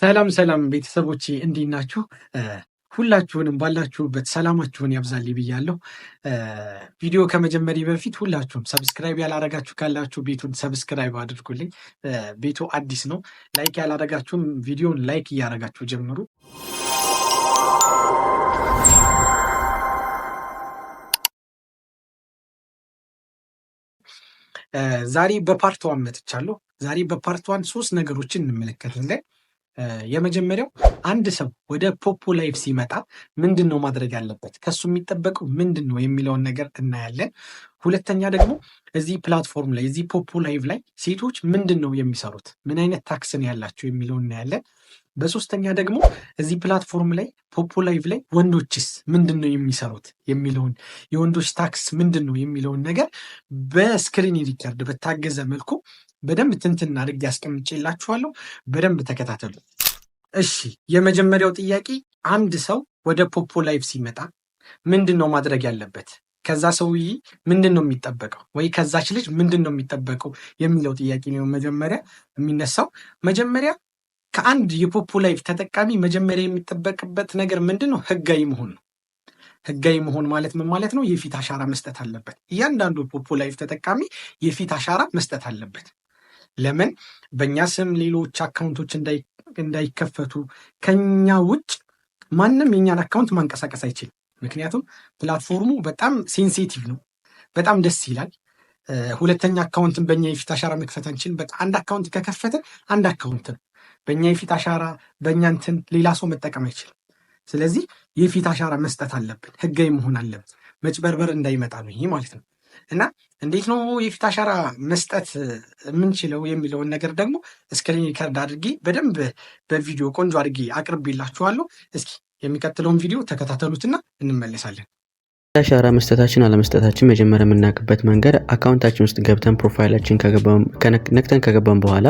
ሰላም ሰላም ቤተሰቦች እንዴት ናችሁ? ሁላችሁንም ባላችሁበት ሰላማችሁን ያብዛልኝ ብያለሁ። ቪዲዮ ከመጀመሪ በፊት ሁላችሁም ሰብስክራይብ ያላረጋችሁ ካላችሁ ቤቱን ሰብስክራይብ አድርጉልኝ። ቤቱ አዲስ ነው። ላይክ ያላረጋችሁም ቪዲዮን ላይክ እያረጋችሁ ጀምሩ። ዛሬ በፓርት ዋን መጥቻለሁ። ዛሬ በፓርት ዋን ሶስት ነገሮችን እንመለከታለን። የመጀመሪያው አንድ ሰው ወደ ፖፖ ላይፍ ሲመጣ ምንድን ነው ማድረግ ያለበት፣ ከሱ የሚጠበቀው ምንድን ነው የሚለውን ነገር እናያለን። ሁለተኛ ደግሞ እዚህ ፕላትፎርም ላይ እዚህ ፖፖ ላይቭ ላይ ሴቶች ምንድን ነው የሚሰሩት፣ ምን አይነት ታክስን ያላቸው የሚለውን እናያለን። በሶስተኛ ደግሞ እዚህ ፕላትፎርም ላይ ፖፖ ላይቭ ላይ ወንዶችስ ምንድን ነው የሚሰሩት የሚለውን የወንዶች ታክስ ምንድን ነው የሚለውን ነገር በስክሪን ሪከርድ በታገዘ መልኩ በደንብ ትንትን አድርጌ ያስቀምጬላችኋለሁ። በደንብ ተከታተሉ። እሺ፣ የመጀመሪያው ጥያቄ አንድ ሰው ወደ ፖፖ ላይፍ ሲመጣ ምንድን ነው ማድረግ ያለበት? ከዛ ሰውዬ ምንድን ነው የሚጠበቀው? ወይ ከዛች ልጅ ምንድን ነው የሚጠበቀው የሚለው ጥያቄ ነው መጀመሪያ የሚነሳው። መጀመሪያ ከአንድ የፖፖ ላይፍ ተጠቃሚ መጀመሪያ የሚጠበቅበት ነገር ምንድን ነው? ህጋዊ መሆን ነው። ህጋዊ መሆን ማለት ምን ማለት ነው? የፊት አሻራ መስጠት አለበት። እያንዳንዱ ፖፖ ላይፍ ተጠቃሚ የፊት አሻራ መስጠት አለበት። ለምን በእኛ ስም ሌሎች አካውንቶች እንዳይከፈቱ ከኛ ውጭ ማንም የእኛን አካውንት ማንቀሳቀስ አይችልም። ምክንያቱም ፕላትፎርሙ በጣም ሴንሲቲቭ ነው። በጣም ደስ ይላል። ሁለተኛ አካውንትን በእኛ የፊት አሻራ መክፈት አንችልም። በቃ አንድ አካውንት ከከፈተ አንድ አካውንት ነው። በእኛ የፊት አሻራ በእኛንትን ሌላ ሰው መጠቀም አይችልም። ስለዚህ የፊት አሻራ መስጠት አለብን፣ ህጋዊ መሆን አለብን። መጭበርበር እንዳይመጣ ነው ይሄ ማለት ነው። እና እንዴት ነው የፊት አሻራ መስጠት የምንችለው የሚለውን ነገር ደግሞ እስክሪን ሪከርድ አድርጌ በደንብ በቪዲዮ ቆንጆ አድርጌ አቅርቤላችኋለሁ። እስኪ የሚቀጥለውን ቪዲዮ ተከታተሉትና እንመለሳለን። አሻራ መስጠታችን አለመስጠታችን መጀመሪያ የምናውቅበት መንገድ አካውንታችን ውስጥ ገብተን ፕሮፋይላችን ነክተን ከገባን በኋላ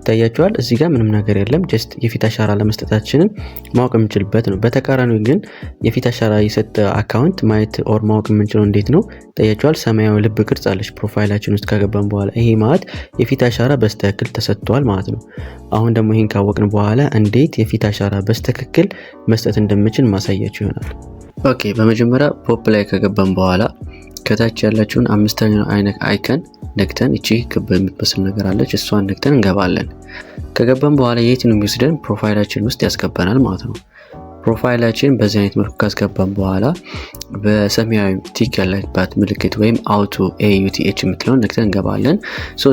ይታያቸዋል። እዚህ ጋር ምንም ነገር የለም። ጀስት የፊት አሻራ ለመስጠታችንን ማወቅ የምንችልበት ነው። በተቃራኒ ግን የፊት አሻራ የሰጠ አካውንት ማየት ኦር ማወቅ የምንችለው እንዴት ነው? ይታያቸዋል። ሰማያዊ ልብ ቅርጽ አለች ፕሮፋይላችን ውስጥ ከገባን በኋላ ይሄ ማለት የፊት አሻራ በስተክክል ተሰጥቷል ማለት ነው። አሁን ደግሞ ይህን ካወቅን በኋላ እንዴት የፊት አሻራ በስተክክል መስጠት እንደምችል ማሳያቸው ይሆናል። ኦኬ በመጀመሪያ ፖፕ ላይ ከገባን በኋላ ከታች ያለችውን አምስተኛው አይነት አይከን ነክተን እቺ ክብ የምትመስል ነገር አለች እሷን ነክተን እንገባለን። ከገባን በኋላ የት ነው የሚወስደን? ፕሮፋይላችን ውስጥ ያስገባናል ማለት ነው። ፕሮፋይላችን በዚህ አይነት መልኩ ካስገባን በኋላ በሰማያዊ ቲክ ያለባት ምልክት ወይም አውቱ ኤዩቲች የምትለውን ነክተን እንገባለን።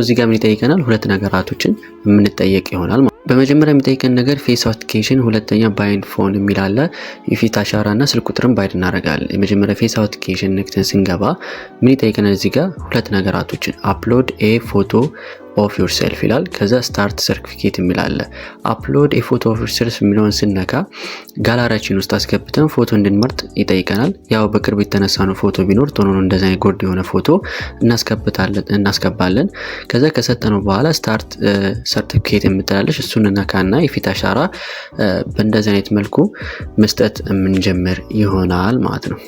እዚህ ጋር ምን ይጠይቀናል? ሁለት ነገራቶችን የምንጠየቅ ይሆናል። በመጀመሪያ የሚጠይቀን ነገር ፌስ አውቲኬሽን፣ ሁለተኛ ባይን ፎን የሚል አለ። የፊት አሻራ እና ስልክ ቁጥርን ባይድ እናደርጋለን። የመጀመሪያ ፌስ አውቲኬሽን ነክተን ስንገባ ምን ይጠይቀናል? እዚህ ጋር ሁለት ነገራቶችን አፕሎድ ኤ ፎቶ ኦፍ ዮር ሴልፍ ይላል። ከዛ ስታርት ሰርቲፊኬት የሚላለ አፕሎድ የፎቶ ኦፍ ዮር ሴልፍ የሚለውን ስነካ ጋላሪያችን ውስጥ አስገብተን ፎቶ እንድንመርጥ ይጠይቀናል። ያው በቅርብ የተነሳ ነው ፎቶ ቢኖር ቶኖ እንደዛ ጎርድ የሆነ ፎቶ እናስገባለን። ከዛ ከሰጠነው በኋላ ስታርት ሰርቲፊኬት uh, የምትላለች እሱን ነካና የፊት አሻራ uh, በእንደዚህ አይነት መልኩ መስጠት የምንጀምር ይሆናል ማለት ነው።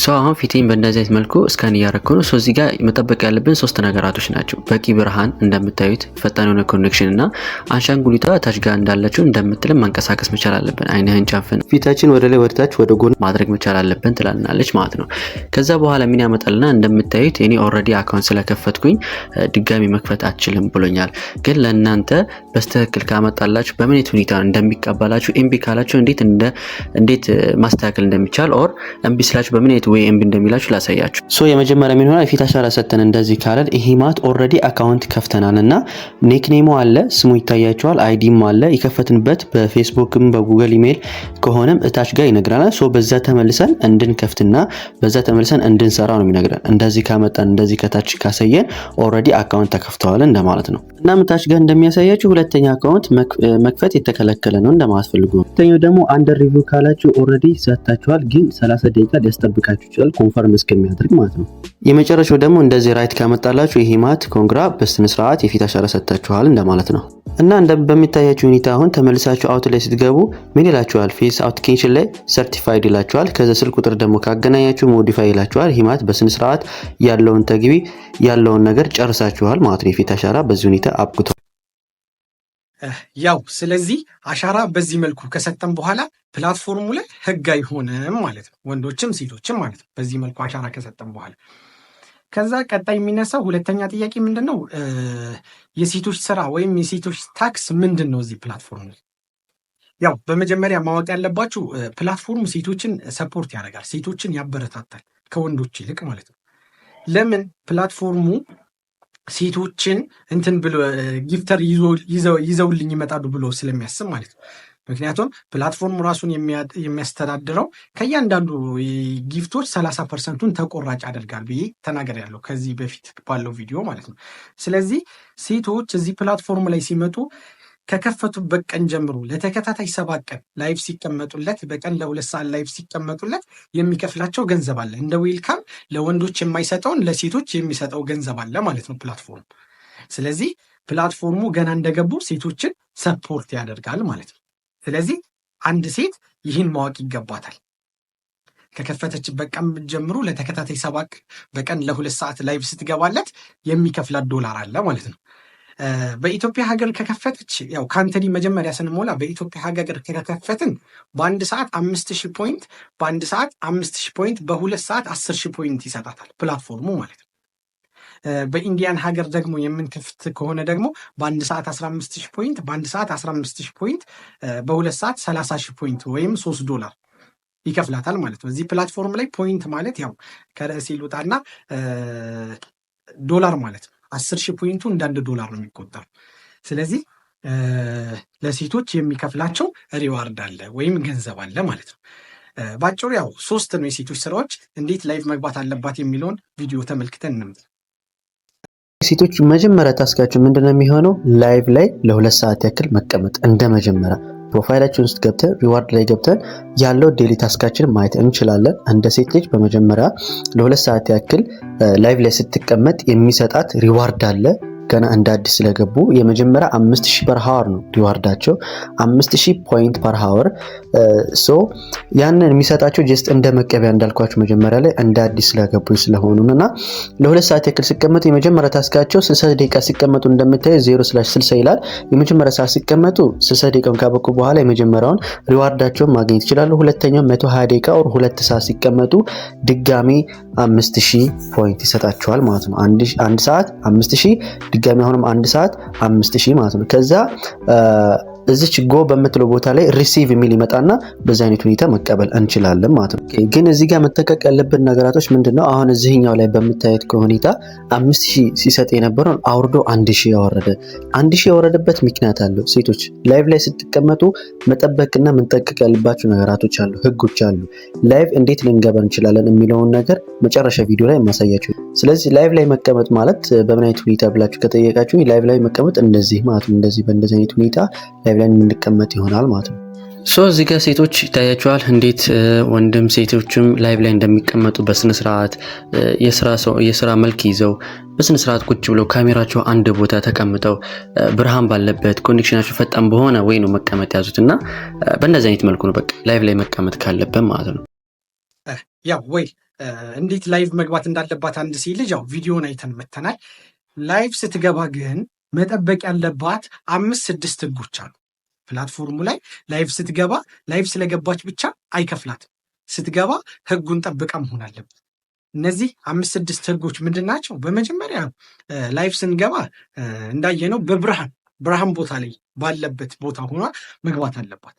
ሰው አሁን ፊቴን በእንደዚህ አይነት መልኩ እስካን እያረኩ ነው። እዚህ ጋር መጠበቅ ያለብን ሶስት ነገራቶች ናቸው። በቂ ብርሃን እንደምታዩት፣ ፈጣን የሆነ ኮኔክሽን እና አንሻንጉሊቷ ታች ጋር እንዳለችው እንደምትልም ማንቀሳቀስ መቻል አለብን። አይንህን ጫፍን ፊታችን ወደ ላይ ወደታች ወደ ጎን ማድረግ መቻል አለብን ትላልናለች ማለት ነው። ከዛ በኋላ ምን ያመጣልና እንደምታዩት እኔ ኦልሬዲ አካውንት ስለከፈትኩኝ ድጋሚ መክፈት አችልም ብሎኛል። ግን ለእናንተ በስተክክል ካመጣላችሁ በምኔት ሁኔታ እንደሚቀበላችሁ፣ ኤምቢ ካላችሁ እንዴት ማስተካከል እንደሚቻል ኦር ኤምቢ ስላችሁ በምን ራይት ወይ ኤምቢ እንደሚላችሁ ላሳያችሁ። ሶ የመጀመሪያ የሚሆነ የፊት አሻራ ሰተን እንደዚህ ካለን ይሄ ማት ኦልሬዲ አካውንት ከፍተናል እና ኔክኔሞ አለ ስሙ ይታያቸዋል፣ አይዲም አለ የከፈትንበት በፌስቡክም በጉግል ኢሜይል ከሆነም እታች ጋር ይነግረናል። ሶ በዛ ተመልሰን እንድንከፍትና በዛ ተመልሰን እንድንሰራ ነው የሚነግረን። እንደዚህ ካመጣን እንደዚህ ከታች ካሳየን ኦልሬዲ አካውንት ተከፍተዋል እንደማለት ነው። እናም እታች ጋር እንደሚያሳያችሁ ሁለተኛ አካውንት መክፈት የተከለከለ ነው እንደማስፈልጉ ነው። ሁለተኛው ደግሞ አንደር ሪቪው ካላችሁ ኦልሬዲ ሰታችኋል፣ ግን 30 ደቂቃ ሊያስጠብቃል ሊልካችሁ ይችላል፣ ኮንፈርም እስከሚያደርግ ማለት ነው። የመጨረሻው ደግሞ እንደዚህ ራይት ካመጣላችሁ ይሄ ማት ኮንግራ በስነስርዓት የፊት አሻራ ሰጥታችኋል እንደማለት ነው። እና እንደ በሚታያችሁ ሁኔታ አሁን ተመልሳችሁ አውት ላይ ስትገቡ ምን ይላችኋል? ፌስ አውትኬሽን ላይ ሰርቲፋይድ ይላችኋል። ከዚ ስልክ ቁጥር ደግሞ ካገናኛችሁ ሞዲፋይ ይላችኋል። ሂማት ስርዓት ያለውን ተግቢ ያለውን ነገር ጨርሳችኋል ማለት ነው። የፊት አሻራ በዚህ ሁኔታ አብቅቷል። ያው ስለዚህ አሻራ በዚህ መልኩ ከሰጠን በኋላ ፕላትፎርሙ ላይ ህግ አይሆንም ማለት ነው። ወንዶችም ሴቶችም ማለት ነው። በዚህ መልኩ አሻራ ከሰጠን በኋላ ከዛ ቀጣይ የሚነሳው ሁለተኛ ጥያቄ ምንድን ነው? የሴቶች ስራ ወይም የሴቶች ታክስ ምንድን ነው እዚህ ፕላትፎርም ላይ? ያው በመጀመሪያ ማወቅ ያለባችሁ ፕላትፎርም ሴቶችን ሰፖርት ያደርጋል፣ ሴቶችን ያበረታታል ከወንዶች ይልቅ ማለት ነው። ለምን ፕላትፎርሙ ሴቶችን እንትን ብሎ ጊፍተር ይዘውልኝ ይመጣሉ ብሎ ስለሚያስብ ማለት ነው። ምክንያቱም ፕላትፎርሙ ራሱን የሚያስተዳድረው ከእያንዳንዱ ጊፍቶች ሰላሳ ፐርሰንቱን ተቆራጭ አደርጋል ብዬ ተናገር ያለው ከዚህ በፊት ባለው ቪዲዮ ማለት ነው። ስለዚህ ሴቶች እዚህ ፕላትፎርም ላይ ሲመጡ ከከፈቱበት ቀን ጀምሮ ለተከታታይ ሰባት ቀን ላይፍ ሲቀመጡለት በቀን ለሁለት ሰዓት ላይፍ ሲቀመጡለት የሚከፍላቸው ገንዘብ አለ። እንደ ዌልካም ለወንዶች የማይሰጠውን ለሴቶች የሚሰጠው ገንዘብ አለ ማለት ነው ፕላትፎርም። ስለዚህ ፕላትፎርሙ ገና እንደገቡ ሴቶችን ሰፖርት ያደርጋል ማለት ነው። ስለዚህ አንድ ሴት ይህን ማወቅ ይገባታል። ከከፈተችበት ቀን ጀምሮ ለተከታታይ ሰባት በቀን ለሁለት ሰዓት ላይቭ ስትገባለት የሚከፍላት ዶላር አለ ማለት ነው። በኢትዮጵያ ሀገር ከከፈተች ያው ካንትሪ መጀመሪያ ስንሞላ በኢትዮጵያ ሀገር ከከፈትን በአንድ ሰዓት አምስት ሺህ ፖይንት በአንድ ሰዓት አምስት ሺህ ፖይንት በሁለት ሰዓት አስር ሺህ ፖይንት ይሰጣታል ፕላትፎርሙ ማለት ነው። በኢንዲያን ሀገር ደግሞ የምንከፍት ከሆነ ደግሞ በአንድ ሰዓት አስራ አምስት ሺህ ፖይንት በአንድ ሰዓት አስራ አምስት ሺህ ፖይንት በሁለት ሰዓት ሰላሳ ሺህ ፖይንት ወይም ሶስት ዶላር ይከፍላታል ማለት ነው። እዚህ ፕላትፎርም ላይ ፖይንት ማለት ያው ከርዕስ ይሉጣና ዶላር ማለት ነው። አስር ሺህ ፖይንቱ እንዳንድ ዶላር ነው የሚቆጠሩ ስለዚህ ለሴቶች የሚከፍላቸው ሪዋርድ አለ ወይም ገንዘብ አለ ማለት ነው። በአጭሩ ያው ሶስት ነው የሴቶች ስራዎች። እንዴት ላይቭ መግባት አለባት የሚለውን ቪዲዮ ተመልክተን እንምጣ። ሴቶች መጀመሪያ ታስካችሁ ምንድነው የሚሆነው? ላይቭ ላይ ለሁለት ሰዓት ያክል መቀመጥ እንደ መጀመሪያ ፕሮፋይላችን ውስጥ ገብተን ሪዋርድ ላይ ገብተን ያለው ዴሊ ታስካችን ማየት እንችላለን። እንደ ሴት ልጅ በመጀመሪያ ለሁለት ሰዓት ያክል ላይቭ ላይ ስትቀመጥ የሚሰጣት ሪዋርድ አለ። ገና እንደ አዲስ ስለገቡ የመጀመሪያ አምስት ሺህ ፐር ሃወር ነው ሪዋርዳቸው አምስት ሺህ ፖይንት ፐር ሃወር። ሶ ያንን የሚሰጣቸው ጀስት እንደ መቀበያ እንዳልኳቸው መጀመሪያ ላይ እንደ አዲስ ስለገቡ ስለሆኑ እና ለሁለት ሰዓት ያክል ሲቀመጡ የመጀመሪያ ታስካቸው ስልሳ ደቂቃ ሲቀመጡ እንደምታዩ ዜሮ ስላሽ ስልሳ ይላል። የመጀመሪያ ሰዓት ሲቀመጡ ስልሳ ደቂቃውን ካበቁ በኋላ የመጀመሪያውን ሪዋርዳቸውን ማግኘት ይችላሉ። ሁለተኛው መቶ ሀያ ደቂቃ ወር ሁለት ሰዓት ሲቀመጡ ድጋሚ አምስት ሺህ ፖይንት ይሰጣቸዋል ማለት ነው። አንድ ሰዓት አምስት ሺህ ድጋሚ አሁንም አንድ ሰዓት አምስት ሺህ ማለት ነው። ከዛ እዚች ጎ በምትለው ቦታ ላይ ሪሲቭ የሚል ይመጣና በዚ አይነት ሁኔታ መቀበል እንችላለን ማለት ነው። ግን እዚህ ጋር መጠቀቅ ያለብን ነገራቶች ምንድነው? አሁን እዚህኛው ላይ በምታየት ሁኔታ አምስት ሺህ ሲሰጥ የነበረውን አውርዶ አንድ ሺህ ያወረደ አንድ ሺህ ያወረደበት ምክንያት አለው። ሴቶች ላይቭ ላይ ስትቀመጡ መጠበቅና መጠቀቅ ያለባቸው ነገራቶች አሉ፣ ህጎች አሉ። ላይቭ እንዴት ልንገባ እንችላለን የሚለውን ነገር መጨረሻ ቪዲዮ ላይ ማሳያቸው። ስለዚህ ላይቭ ላይ መቀመጥ ማለት በምን አይነት ሁኔታ ብላችሁ ከጠየቃችሁ ላይቭ ላይ መቀመጥ እንደዚህ ማለት ነው። እንደዚህ በእንደዚህ አይነት ሁኔታ ላይ ብለን የምንቀመጥ ይሆናል ማለት ነው። ሶ እዚህ ጋር ሴቶች ይታያቸዋል እንዴት ወንድም ሴቶችም ላይቭ ላይ እንደሚቀመጡ በስነስርዓት የስራ መልክ ይዘው በስነስርዓት ቁጭ ብለው ካሜራቸው አንድ ቦታ ተቀምጠው ብርሃን ባለበት ኮኔክሽናቸው ፈጣን በሆነ ወይ ነው መቀመጥ ያዙት እና በእንደዚህ አይነት መልኩ ነው በቃ ላይቭ ላይ መቀመጥ ካለብን ማለት ነው። ያው ወይ እንዴት ላይቭ መግባት እንዳለባት አንድ ሴት ልጅ ያው ቪዲዮን አይተን መተናል። ላይቭ ስትገባ ግን መጠበቅ ያለባት አምስት ስድስት ህጎች አሉ። ፕላትፎርሙ ላይ ላይቭ ስትገባ ላይቭ ስለገባች ብቻ አይከፍላት። ስትገባ ህጉን ጠብቃ መሆን አለበት። እነዚህ አምስት ስድስት ህጎች ምንድን ናቸው? በመጀመሪያ ላይቭ ስንገባ እንዳየነው በብርሃን ብርሃን ቦታ ላይ ባለበት ቦታ ሆኗ መግባት አለባት።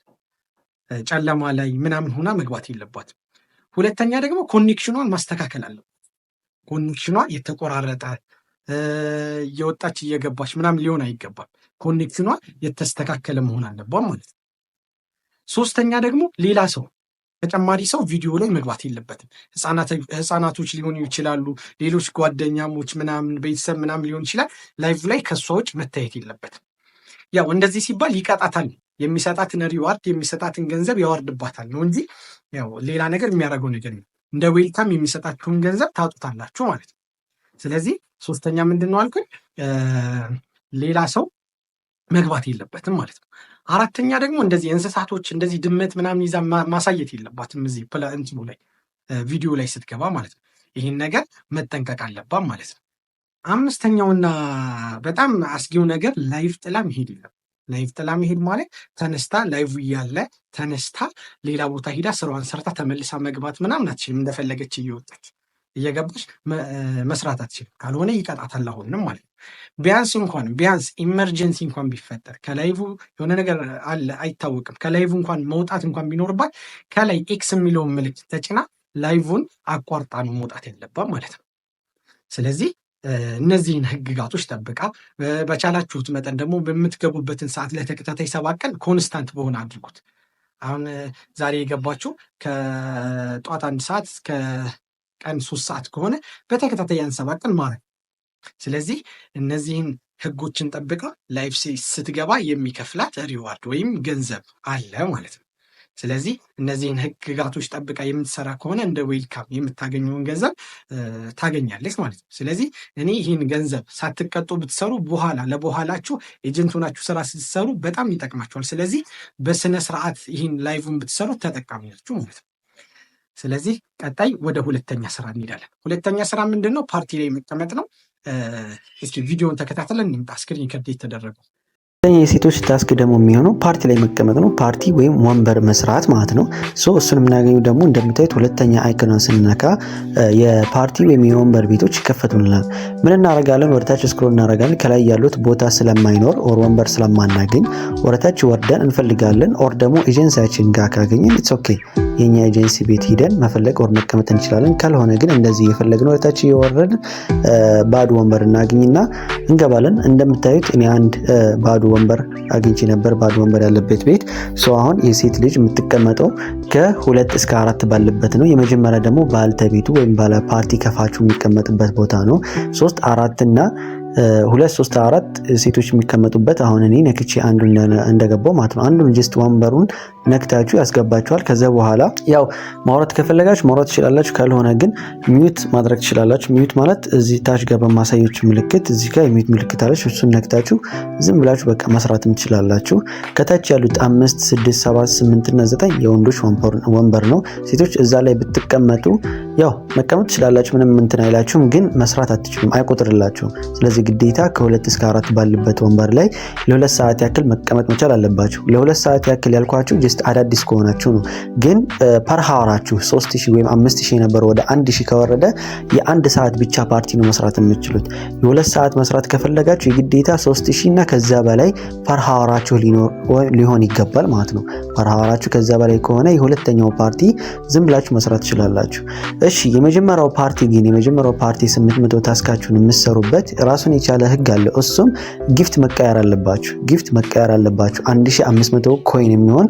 ጨለማ ላይ ምናምን ሆና መግባት የለባት ሁለተኛ ደግሞ ኮኔክሽኗን ማስተካከል አለው። ኮኔክሽኗ የተቆራረጠ እየወጣች እየገባች ምናምን ሊሆን አይገባም። ኮኔክሽኗ የተስተካከለ መሆን አለባት ማለት ነው። ሶስተኛ ደግሞ ሌላ ሰው ተጨማሪ ሰው ቪዲዮ ላይ መግባት የለበትም። ህፃናቶች ሊሆኑ ይችላሉ፣ ሌሎች ጓደኛሞች ምናምን ቤተሰብ ምናምን ሊሆን ይችላል። ላይቭ ላይ ከእሷ ውጭ መታየት የለበትም። ያው እንደዚህ ሲባል ይቀጣታል፣ የሚሰጣትን ሪዋርድ የሚሰጣትን ገንዘብ ያወርድባታል ነው እንጂ ያው ሌላ ነገር የሚያደርገው ነገር ነው። እንደ ዌልካም የሚሰጣችሁን ገንዘብ ታጡታላችሁ ማለት ነው። ስለዚህ ሶስተኛ ምንድን ነው አልኩኝ ሌላ ሰው መግባት የለበትም ማለት ነው። አራተኛ ደግሞ እንደዚህ እንስሳቶች እንደዚህ ድመት ምናምን ይዛ ማሳየት የለባትም እዚህ ፕላንት ላይ ቪዲዮ ላይ ስትገባ ማለት ነው። ይህን ነገር መጠንቀቅ አለባት ማለት ነው። አምስተኛውና በጣም አስጊው ነገር ላይቭ ጥላ መሄድ የለም። ላይቭ ጥላ መሄድ ማለት ተነስታ ላይቭ እያለ ተነስታ ሌላ ቦታ ሂዳ ስራዋን ሰርታ ተመልሳ መግባት ምናምን አትችልም እንደፈለገች እየወጣች እየገባች መስራት አትችልም። ካልሆነ ይቀጣታል አሁንም ማለት ነው። ቢያንስ እንኳን ቢያንስ ኢመርጀንሲ እንኳን ቢፈጠር ከላይቭ የሆነ ነገር አለ አይታወቅም። ከላይቭ እንኳን መውጣት እንኳን ቢኖርባት ከላይ ኤክስ የሚለውን ምልክት ተጭና ላይቭን አቋርጣ ነው መውጣት ያለባት ማለት ነው። ስለዚህ እነዚህን ህግጋቶች ጠብቃ በቻላችሁት መጠን ደግሞ በምትገቡበትን ሰዓት ለተከታታይ ሰባት ቀን ኮንስታንት በሆነ አድርጉት። አሁን ዛሬ የገባችሁ ከጠዋት አንድ ሰዓት እስከ ቀን ሶስት ሰዓት ከሆነ በተከታታይ ያን ሰባት ቀን ማድረግ። ስለዚህ እነዚህን ህጎችን ጠብቃ ላይፍ ስትገባ የሚከፍላት ሪዋርድ ወይም ገንዘብ አለ ማለት ነው። ስለዚህ እነዚህን ህግጋቶች ጠብቃ የምትሰራ ከሆነ እንደ ዌልካም የምታገኘውን ገንዘብ ታገኛለች ማለት ነው። ስለዚህ እኔ ይህን ገንዘብ ሳትቀጡ ብትሰሩ በኋላ ለበኋላችሁ ኤጀንት ሆናችሁ ስራ ስትሰሩ በጣም ይጠቅማችኋል። ስለዚህ በስነ ስርዓት ይህን ላይቭን ብትሰሩ ተጠቃሚ ናችሁ ማለት ነው። ስለዚህ ቀጣይ ወደ ሁለተኛ ስራ እንሄዳለን። ሁለተኛ ስራ ምንድን ነው? ፓርቲ ላይ መቀመጥ ነው። እስኪ ቪዲዮን ተከታተለን እንምጣ። ስክሪን ከርድ የተደረገው የሴቶች ታስክ ደግሞ የሚሆነው ፓርቲ ላይ መቀመጥ ነው። ፓርቲ ወይም ወንበር መስራት ማለት ነው። ሶ እሱን የምናገኘው ደግሞ እንደምታዩት ሁለተኛ አይኮንን ስንነካ የፓርቲ ወይም የወንበር ቤቶች ይከፈቱልናል። ምን እናረጋለን? ወደታች ስክሮ እናረጋለን። ከላይ ያሉት ቦታ ስለማይኖር ኦር ወንበር ስለማናገኝ ወደታች ወርደን እንፈልጋለን። ኦር ደግሞ ኤጀንሲያችን ጋር ካገኘን ኢትስ ኦኬ የኛ ኤጀንሲ ቤት ሂደን መፈለግ ኦር መቀመጥ እንችላለን። ካልሆነ ግን እንደዚህ የፈለግነው ወደታች እየወረድን ባዶ ወንበር እናገኝና እንገባለን። እንደምታዩት እኔ አንድ ባዶ ወንበር አግኝቼ ነበር፣ ባዶ ወንበር ያለበት ቤት። ሰው አሁን የሴት ልጅ የምትቀመጠው ከሁለት እስከ አራት ባለበት ነው። የመጀመሪያ ደግሞ ባልተቤቱ ወይም ባለ ፓርቲ ከፋቹ የሚቀመጥበት ቦታ ነው። ሶስት አራት እና ሁለት ሶስት አራት ሴቶች የሚቀመጡበት አሁን እኔ ነክቼ አንዱ እንደገባው ማለት ነው። አንዱን ጀስት ወንበሩን ነክታችሁ ያስገባችኋል። ከዚ በኋላ ያው ማውራት ከፈለጋችሁ ማውራት ትችላላችሁ፣ ካልሆነ ግን ሚዩት ማድረግ ትችላላችሁ። ሚዩት ማለት እዚህ ታች ጋር በማሳዮች ምልክት እዚህ ጋር የሚዩት ምልክት አለች። እሱን ነክታችሁ ዝም ብላችሁ በቃ መስራት ትችላላችሁ። ከታች ያሉት አምስት፣ ስድስት፣ ሰባት፣ ስምንት እና ዘጠኝ የወንዶች ወንበር ነው። ሴቶች እዛ ላይ ብትቀመጡ ያው መቀመጥ ትችላላችሁ፣ ምንም እንትን አይላችሁም፣ ግን መስራት አትችሉም፣ አይቆጥርላችሁም። ስለዚህ ግዴታ ከሁለት እስከ አራት ባሉበት ወንበር ላይ ለሁለት ሰዓት ያክል መቀመጥ መቻል አለባችሁ። ለሁለት ሰዓት ያክል ያልኳችሁ ውስጥ አዳዲስ ከሆናችሁ ነው። ግን ፐር ሀወራችሁ 3000 ወይም 5000 ነበር ወደ 1000 ከወረደ የአንድ ሰዓት ብቻ ፓርቲ ነው መስራት የምችሉት። የሁለት ሰዓት መስራት ከፈለጋችሁ የግዴታ 3000 እና ከዛ በላይ ፐር ሊሆን ይገባል ማለት ነው። ፐር ከዛ በላይ ከሆነ የሁለተኛው ፓርቲ ዝም ብላችሁ መስራት ትችላላችሁ። እሺ የመጀመሪያው ፓርቲ ግን የመጀመሪያው ፓርቲ 800 ታስካችሁን የምትሰሩበት ራሱን የቻለ ህግ አለ። እሱም ጊፍት መቀየር አለባችሁ። ጊፍት መቀየር አለባችሁ 1500 ኮይን የሚሆን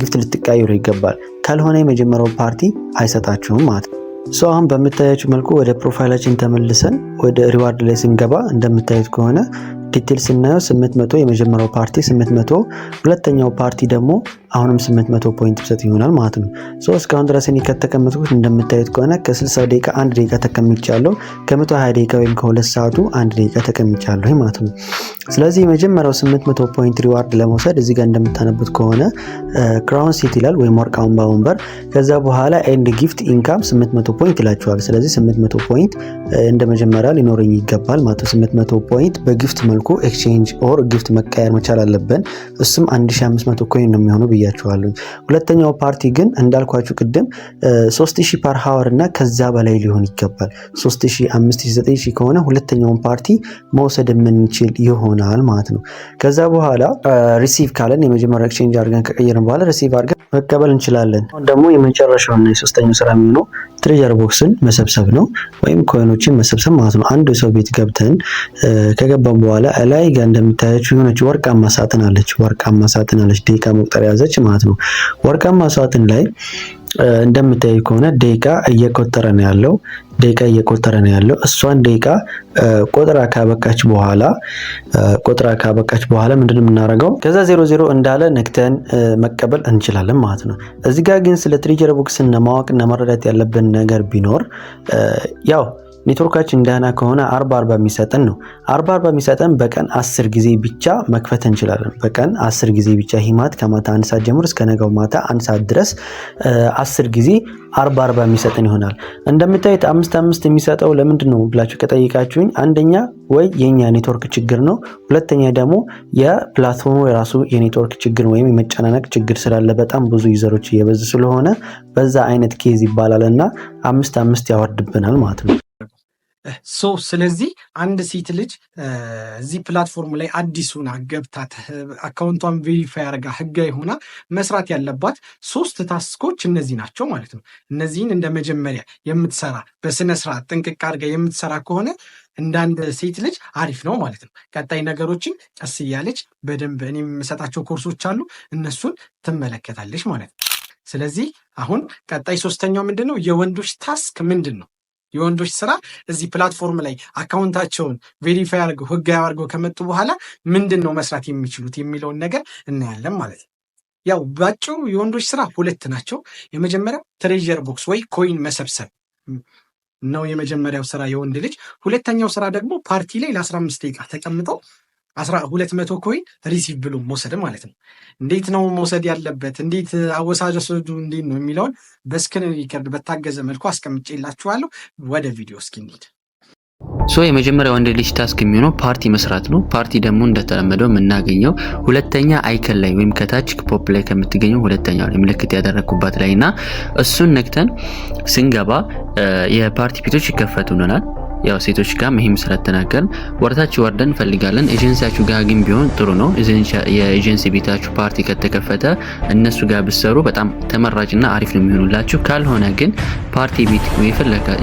ግፍት ልትቀያየሩ ይገባል። ካልሆነ የመጀመሪያው ፓርቲ አይሰጣችሁም ማለት ነው። ሰው አሁን በምታያችሁ መልኩ ወደ ፕሮፋይላችን ተመልሰን ወደ ሪዋርድ ላይ ስንገባ እንደምታዩት ከሆነ ዲቴል ስናየው 800 የመጀመሪያው ፓርቲ 800 ሁለተኛው ፓርቲ ደግሞ አሁንም 800 ፖይንት ብሰጥ ይሆናል ማለት ነው። ሶ እስካሁን ድረስ እኔ ከተቀመጥኩት እንደምታዩት ከሆነ ከ60 ደቂቃ አንድ ደቂቃ ተቀምጫለሁ። ከ120 ደቂቃ ወይም ከሁለት ሰዓቱ አንድ ደቂቃ ተቀምጫለሁ ማለት ነው። ስለዚህ የመጀመሪያው 800 ፖይንት ሪዋርድ ለመውሰድ እዚህ ጋር እንደምታነቡት ከሆነ ክራውን ሴት ይላል ወይም ወርቅ አምባ ወንበር። ከዛ በኋላ ኤንድ ጊፍት ኢንካም 800 ፖይንት ይላቸዋል። ስለዚህ 800 ፖይንት እንደመጀመሪያ ሊኖረኝ ይገባል ማለት ነው። 800 ፖይንት በጊፍት መልኩ መልኩ ኤክስቼንጅ ኦር ጊፍት መቀየር መቻል አለብን። እሱም 1500 ኮይን ነው የሚሆኑ ብያችኋለሁ። ሁለተኛው ፓርቲ ግን እንዳልኳችሁ ቅድም 3000 ፐር ሃወር እና ከዛ በላይ ሊሆን ይገባል። 3500 ከሆነ ሁለተኛውን ፓርቲ መውሰድ የምንችል ይሆናል ማለት ነው። ከዛ በኋላ ሪሲቭ ካለን የመጀመሪያ ኤክስቼንጅ አድርገን ከቀየርን በኋላ ሪሲቭ አድርገን መቀበል እንችላለን። ደግሞ የመጨረሻውና የሶስተኛው ስራ የሚሆነው ትሬጀር ቦክስን መሰብሰብ ነው ወይም ኮይኖችን መሰብሰብ ማለት ነው። አንድ ሰው ቤት ገብተን ከገባን በኋላ ላይ ጋር እንደምታያች የሆነች ወርቃማ ሳጥን አለች። ወርቃማ ሳጥን አለች፣ ደቂቃ መቁጠር ያዘች ማለት ነው። ወርቃማ ሳጥን ላይ እንደምታዩ ከሆነ ደቂቃ እየቆጠረ ነው ያለው። ደቂቃ እየቆጠረ ነው ያለው። እሷን ደቂቃ ቆጥራ ካበቃች በኋላ ቆጥራ ካበቃች በኋላ ምንድን የምናደርገው? ከዛ ዜሮ ዜሮ እንዳለ ነክተን መቀበል እንችላለን ማለት ነው። እዚህ ጋር ግን ስለ ትሪጀር ቦክስን ማወቅና መረዳት ያለብን ነገር ቢኖር ያው ኔትወርካችን ደህና ከሆነ አርባ አርባ የሚሰጠን ነው። አርባ አርባ የሚሰጠን በቀን አስር ጊዜ ብቻ መክፈት እንችላለን። በቀን አስር ጊዜ ብቻ ሂማት ከማታ አንድ ሰዓት ጀምሮ እስከ ነገው ማታ አንድ ሰዓት ድረስ አስር ጊዜ አርባ አርባ የሚሰጥን ይሆናል። እንደምታዩት አምስት አምስት የሚሰጠው ለምንድን ነው ብላችሁ ከጠይቃችሁኝ አንደኛ ወይ የኛ ኔትወርክ ችግር ነው፣ ሁለተኛ ደግሞ የፕላትፎርሙ የራሱ የኔትወርክ ችግር ወይም የመጨናነቅ ችግር ስላለ በጣም ብዙ ዩዘሮች እየበዙ ስለሆነ በዛ አይነት ኬዝ ይባላል እና አምስት አምስት ያወርድብናል ማለት ነው። ሶ ስለዚህ አንድ ሴት ልጅ እዚህ ፕላትፎርም ላይ አዲሱን ገብታት አካውንቷን ቬሪፋይ አርጋ ህጋዊ ሆና መስራት ያለባት ሶስት ታስኮች እነዚህ ናቸው ማለት ነው። እነዚህን እንደ መጀመሪያ የምትሰራ በስነስርዓት ጥንቅቅ አርጋ የምትሰራ ከሆነ እንዳንድ ሴት ልጅ አሪፍ ነው ማለት ነው። ቀጣይ ነገሮችን ቀስ እያለች በደንብ እኔ የምሰጣቸው ኮርሶች አሉ፣ እነሱን ትመለከታለች ማለት ነው። ስለዚህ አሁን ቀጣይ ሶስተኛው ምንድን ነው? የወንዶች ታስክ ምንድን ነው? የወንዶች ስራ እዚህ ፕላትፎርም ላይ አካውንታቸውን ቬሪፋይ አድርገው ህጋዊ አድርገው ከመጡ በኋላ ምንድን ነው መስራት የሚችሉት የሚለውን ነገር እናያለን ማለት ነው። ያው ባጭሩ የወንዶች ስራ ሁለት ናቸው። የመጀመሪያው ትሬዠር ቦክስ ወይ ኮይን መሰብሰብ ነው የመጀመሪያው ስራ የወንድ ልጅ። ሁለተኛው ስራ ደግሞ ፓርቲ ላይ ለአስራ አምስት ደቂቃ ተቀምጠው አስራ ሁለት መቶ ኮይን ሪሲቭ ብሎ መውሰድ ማለት ነው። እንዴት ነው መውሰድ ያለበት? እንዴት አወሳሰዱ እንዴት ነው የሚለውን በስክሪን ሪከርድ በታገዘ መልኩ አስቀምጬላችኋለሁ። ወደ ቪዲዮ እስኪ እንሂድ። ሶ የመጀመሪያው ወንድ ልጅ ታስክ የሚሆነው ፓርቲ መስራት ነው። ፓርቲ ደግሞ እንደተለመደው የምናገኘው ሁለተኛ አይከን ላይ ወይም ከታች ፖፕ ላይ ከምትገኘው ሁለተኛ ላይ ምልክት ያደረግኩባት ላይ እና እሱን ነክተን ስንገባ የፓርቲ ፒቶች ይከፈቱልናል። ያው ሴቶች ጋር ይህም ስለተናገር ወርታች ወርደን እንፈልጋለን። ኤጀንሲያችሁ ጋር ግን ቢሆን ጥሩ ነው። የኤጀንሲ ቤታችሁ ፓርቲ ከተከፈተ እነሱ ጋር ብሰሩ በጣም ተመራጭና አሪፍ ነው የሚሆኑላችሁ። ካልሆነ ግን ፓርቲ ቤት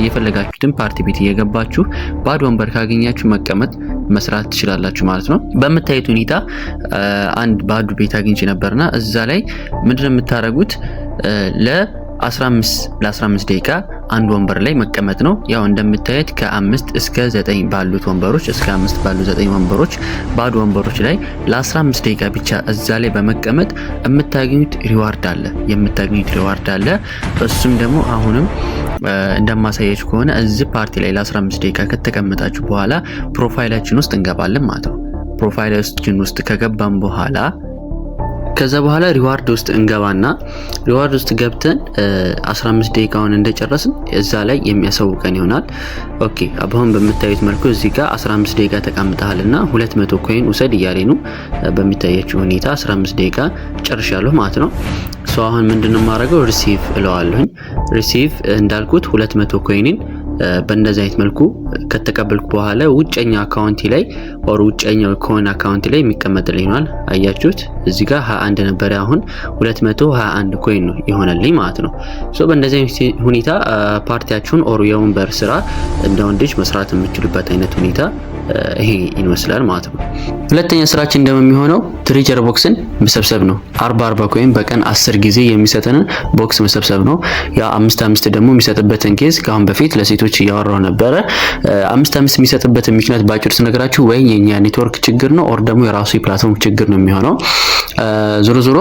የፈለጋችሁትን ፓርቲ ቤት እየገባችሁ ባዶ ወንበር ካገኛችሁ መቀመጥ መስራት ትችላላችሁ ማለት ነው። በምታዩት ሁኔታ አንድ ባዶ ቤት አግኝቼ ነበርና እዛ ላይ ምንድን የምታደርጉት ለ 15 ለ15 ደቂቃ አንድ ወንበር ላይ መቀመጥ ነው። ያው እንደምታዩት ከአምስት እስከ ዘጠኝ ባሉት ወንበሮች እስከ አምስት ባሉ ዘጠኝ ወንበሮች ባዶ ወንበሮች ላይ ለ15 ደቂቃ ብቻ እዛ ላይ በመቀመጥ የምታገኙት ሪዋርድ አለ የምታገኙት ሪዋርድ አለ። እሱም ደግሞ አሁንም እንደማሳያች ከሆነ እዚህ ፓርቲ ላይ ለ15 ደቂቃ ከተቀመጣችሁ በኋላ ፕሮፋይላችን ውስጥ እንገባለን ማለት ነው። ፕሮፋይላችን ውስጥ ከገባን በኋላ ከዛ በኋላ ሪዋርድ ውስጥ እንገባና ሪዋርድ ውስጥ ገብተን 15 ደቂቃውን እንደጨረስን እዛ ላይ የሚያሳውቀን ይሆናል። ኦኬ አሁን በምታዩት መልኩ እዚህ ጋር 15 ደቂቃ ተቀምጠሃል እና 200 ኮይን ውሰድ እያሌ ነው። በሚታያችው ሁኔታ 15 ደቂቃ ጨርሻለሁ ማለት ነው። ሶ አሁን ምንድን ማድረገው ሪሲቭ እለዋለሁኝ። ሪሲቭ እንዳልኩት 200 ኮይንን በእንደዚህ አይነት መልኩ ከተቀበልኩ በኋላ ውጨኛ አካውንቲ ላይ ኦር ውጨኛው ከሆነ አካውንቲ ላይ የሚቀመጥልኝ ይሆናል። አያችሁት እዚ ጋር 21 ነበረ፣ አሁን 221 ኮይን ነው ይሆነልኝ ማለት ነው። ሶ በእንደዚህ ሁኔታ ፓርቲያችሁን ኦር የወንበር ስራ እንደ ወንድ ልጅ መስራት የምችሉበት አይነት ሁኔታ ይሄ ይመስላል ማለት ነው። ሁለተኛ ስራችን እንደሚሆነው ትሪጀር ቦክስን መሰብሰብ ነው። 40 40 ኮይን በቀን 10 ጊዜ የሚሰጠንን ቦክስ መሰብሰብ ነው። ያ አምስት 5 ደግሞ የሚሰጥበትን ኬዝ ከአሁን በፊት ለሴቶች እያወራው ነበረ። 5 5 የሚሰጥበትን ምክንያት ባጭሩ ስነግራችሁ ወይ የኛ ኔትወርክ ችግር ነው ኦር ደግሞ የራሱ የፕላትፎርም ችግር ነው የሚሆነው ዞሮ ዞሮ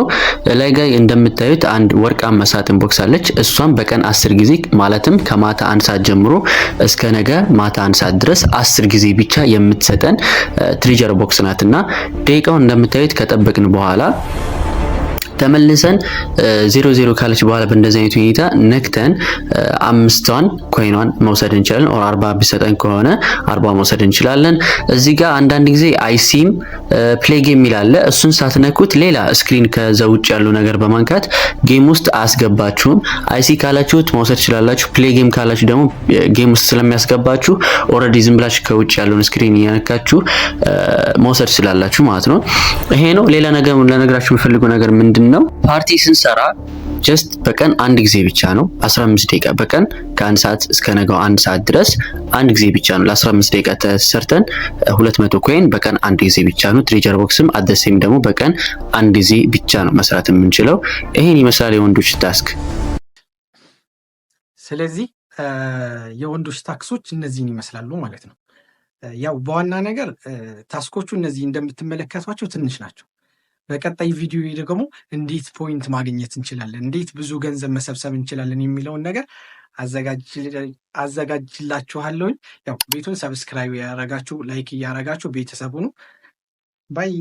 ላይ ጋር እንደምታዩት አንድ ወርቃማ ሳጥን ቦክስ አለች። እሷም በቀን አስር ጊዜ ማለትም ከማታ አንድ ሰዓት ጀምሮ እስከ ነገ ማታ አንድ ሰዓት ድረስ አስር ጊዜ ብቻ የምትሰጠን ትሪጀር ቦክስ ናትና ደቂቃውን እንደምታዩት ከጠበቅን በኋላ ተመልሰን ዜሮ ዜሮ ካለች በኋላ በእንደዚህ አይነት ሁኔታ ነክተን አምስቷን ኮይኗን መውሰድ እንችላለን። ኦር አርባ ቢሰጠን ከሆነ አርባ መውሰድ እንችላለን። እዚህ ጋር አንዳንድ ጊዜ አይሲም ፕሌ ጌም ይላለ። እሱን ሳትነኩት ሌላ ስክሪን ከዛ ውጭ ያለው ነገር በማንካት ጌም ውስጥ አያስገባችሁም። አይሲ ካላችሁት መውሰድ ትችላላችሁ። ፕሌ ጌም ካላችሁ ደግሞ ጌም ውስጥ ስለሚያስገባችሁ ኦልሬዲ ዝም ብላችሁ ከውጭ ያለውን ስክሪን እያነካችሁ መውሰድ ትችላላችሁ ማለት ነው። ይሄ ነው። ሌላ ነገር ለነገራችሁ የምፈልገው ነገር ምንድን ነው ፓርቲ ስንሰራ ጀስት በቀን አንድ ጊዜ ብቻ ነው 15 ደቂቃ በቀን ከአንድ ሰዓት እስከ ነገው አንድ ሰዓት ድረስ አንድ ጊዜ ብቻ ነው ለ15 ደቂቃ ተሰርተን 200 ኮይን በቀን አንድ ጊዜ ብቻ ነው። ትሬጀር ቦክስም አደሴም ደግሞ በቀን አንድ ጊዜ ብቻ ነው መስራት የምንችለው። ይሄን ይመስላል የወንዶች ታስክ። ስለዚህ የወንዶች ታክሶች እነዚህን ይመስላሉ ማለት ነው። ያው በዋና ነገር ታስኮቹ እነዚህ እንደምትመለከቷቸው ትንሽ ናቸው። በቀጣይ ቪዲዮ ደግሞ እንዴት ፖይንት ማግኘት እንችላለን፣ እንዴት ብዙ ገንዘብ መሰብሰብ እንችላለን የሚለውን ነገር አዘጋጅላችኋለሁኝ። ያው ቤቱን ሰብስክራይብ ያረጋችሁ፣ ላይክ እያረጋችሁ ቤተሰቡ ነው ባይ